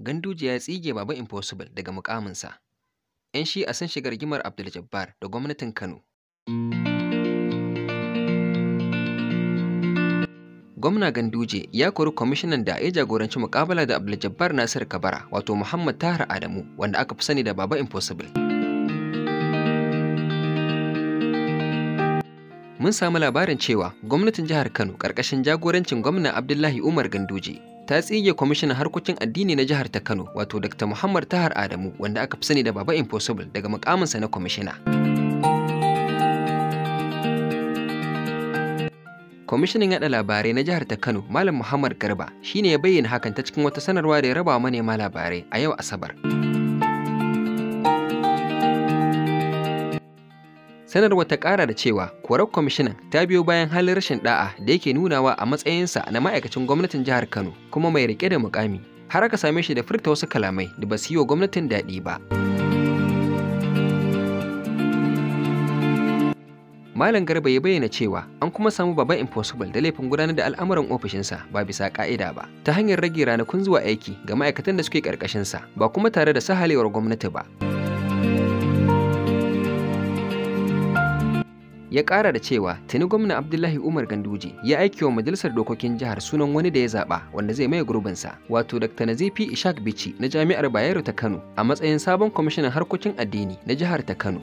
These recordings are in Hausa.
Ganduje ya tsige Baba Impossible daga mukaminsa. 'Yan a san shigar gimar Abdul Jabbar da gwamnatin Kano. Gwamna Ganduje ya kori kwamishinan da ya jagoranci mukabala da Abdul Jabbar Nasir Kabara wato Muhammad Tahar Adamu wanda aka fi sani da Baba Impossible. Mun samu labarin cewa gwamnatin jihar Kano ƙarƙashin jagorancin gwamna Abdullahi Umar Ganduje ta tsige kwamishinan harkokin addini na jihar ta Kano wato Dr. Muhammad Tahar Adamu wanda aka fi sani da Baba Impossible daga sa na kwamishina. Kwamishinan yaɗa labarai na jihar ta Kano Malam Muhammad Garba shine ya bayyana hakan ta cikin wata sanarwa da ya raba manema labarai a yau Asabar. sanarwa ta kara da cewa korar kwamishinan ta biyo bayan halin rashin da'a da yake nunawa a matsayinsa na ma'aikacin gwamnatin jihar kano kuma mai rike da mukami har aka same shi da furta wasu kalamai da ba su yi wa gwamnatin daɗi ba Malam Garba ya bayyana cewa an kuma samu baban impossible da laifin gudanar da al'amuran ofishinsa ba bisa ka'ida ba ta hanyar rage ranakun zuwa aiki ga ma'aikatan da suke ƙarƙashinsa ba kuma tare da sahalewar gwamnati ba. ya ƙara da cewa tuni gwamna abdullahi umar ganduje ya aiki wa majalisar dokokin jihar sunan wani da ya zaɓa wanda zai maye gurbinsa wato dr nazifi ishak Bichi na jami'ar bayero ta kano a matsayin sabon kwamishinan harkokin addini na jihar ta kano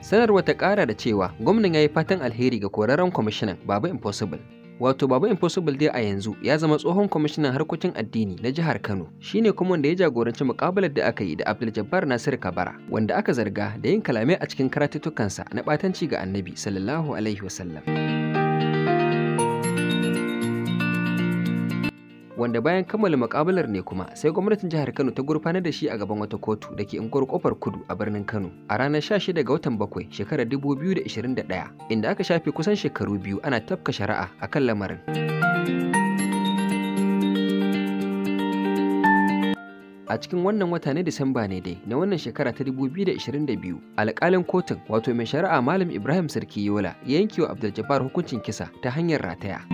sanarwa ta ƙara da cewa gwamnan ya yi fatan alheri ga kwararren kwamishinan baba impossible Wato Baba Impossible dai a yanzu ya zama tsohon kwamishinan harkokin addini na jihar Kano, shine kuma wanda ya jagoranci mukabalar da aka yi da Abdul Jabbar Nasir Kabara, wanda aka zarga da yin kalamai a cikin karatuttukansa na ɓatanci ga Annabi sallallahu alaihi wasallam. wanda bayan kammala mukabalar ne kuma sai gwamnatin jihar Kano ta gurfanar da shi a gaban wata kotu da ke unguwar kofar kudu a birnin Kano a ranar 16 ga watan bakwai shekarar 2021 inda aka shafe kusan shekaru biyu ana tafka shari'a a kan lamarin. a cikin wannan wata na Disamba ne dai na wannan shekara ta 2022 alƙalin kotun wato mai shari'a Malam Ibrahim Sarki Yola ya yanke wa Abdul hukuncin kisa ta hanyar rataya.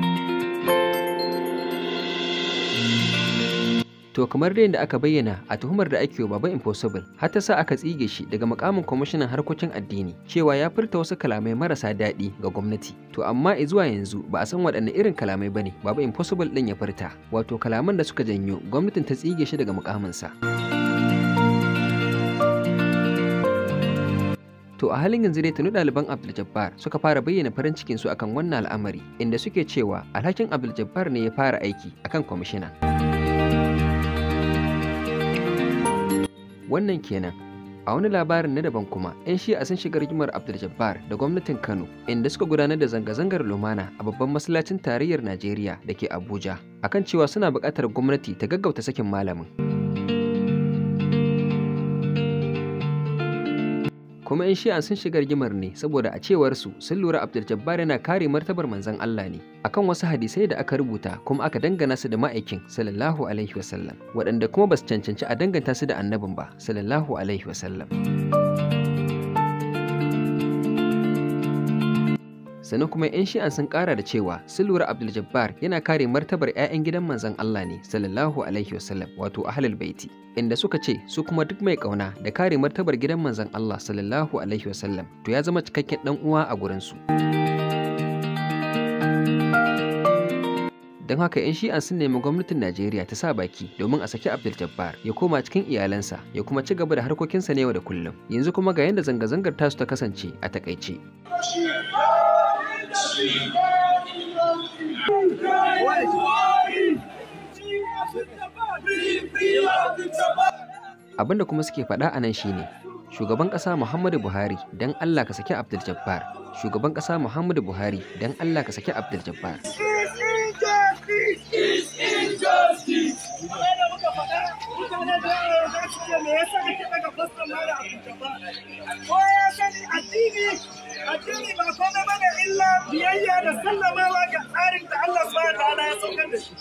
To kamar da aka bayyana a tuhumar da ake wa Baba Impossible har ta sa aka tsige shi daga makamin kwamishinan harkokin addini cewa ya furta wasu kalamai marasa daɗi ga gwamnati. To amma zuwa yanzu ba a san waɗanne irin kalamai bane Baba Impossible ɗin ya furta wato kalaman da suka janyo gwamnatin ta tsige shi daga mukaminsa. sa. a halin yanzu dai tuni ɗaliban Abdul Jabbar suka fara bayyana farin cikin su akan wannan al'amari inda suke cewa alhakin Abdul Jabbar ne ya fara aiki akan kwamishina. Wannan kenan a wani labarin na daban kuma 'yan shi'a sun shiga rigimar abdul jabbar da gwamnatin kano inda suka gudanar da zanga-zangar lumana a babban masallacin tarayyar najeriya da ke abuja akan cewa suna buƙatar gwamnati ta gaggauta sakin malamin kuma yan shi'a sun shiga rigimar ne saboda a cewar su sun lura Abdul Jabbar yana kare martabar manzon Allah ne akan wasu hadisai da aka rubuta kuma aka dangana su da ma'aikin sallallahu alaihi wasallam waɗanda kuma ba su cancanci a danganta su da annabin ba sallallahu alaihi wasallam sannan kuma 'yan shi'an sun kara da cewa sun lura abdul jabbar yana kare martabar 'ya'yan gidan manzon allah ne sallallahu alaihi wasallam wato ahlul baiti inda suka ce su kuma duk mai kauna da kare martabar gidan manzon allah sallallahu alaihi wasallam to ya zama cikakken dan uwa a gurinsu. don haka 'yan shi'an sun nemi gwamnatin najeriya ta sa baki domin a saki abdul jabbar ya koma cikin iyalansa ya kuma ci gaba da harkokinsa ne yau da kullum yanzu kuma ga yadda zanga-zangar tasu ta kasance a takaice Abin da kuma suke faɗa a nan shine shugaban ƙasa muhammadu buhari don allah ka saki abdul jabbar shugaban ƙasa muhammadu buhari don allah ka saki abdul jabbar me yasa ake daga fuskar mara abdul jabbar ko ya sani addini addini ba na mana illa biyayya da sallamawa ga tsarin da Allah subhanahu ta'ala ya saukar da shi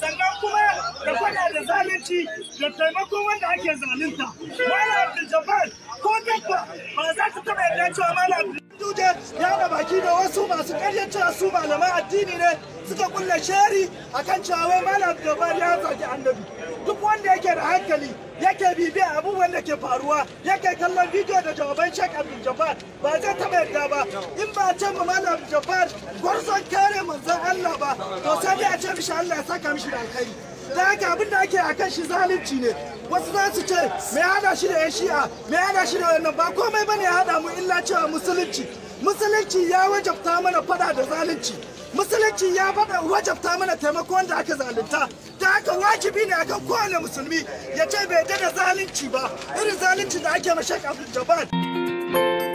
sannan kuma da faɗa da zalunci da taimakon wanda ake zalunta malam da Jabbar ko dabba ba za ta taɓa yarda cewa malam Duje ya da baki da wasu masu karyar cewa su malaman addini ne suka kulle shari akan cewa wai malam Jabbar ya zaki annabi duk wanda yake da hankali yake bibiya abubuwan da ke faruwa yake kallon bidiyo da jawaban shek abdul jabbar ba zai taba yarda ba in ba ce ma malam jabbar gwarzon kare manzon allah ba to sai a ce mishi allah ya saka mishi da alkhairi da haka abin da ake akan shi zalunci ne wasu za su ce me hada shi da yan shi'a me hada shi da wannan ba komai bane ya hada mu illa cewa musulunci musulunci ya wajabta mana fada da zalunci musulunci ya bada wajabta mana taimako wanda aka zalunta ta haka wajibi ne akan kowane musulmi ya ce bai da zalunci ba irin zalunci da ake mashaƙa abdul jabbar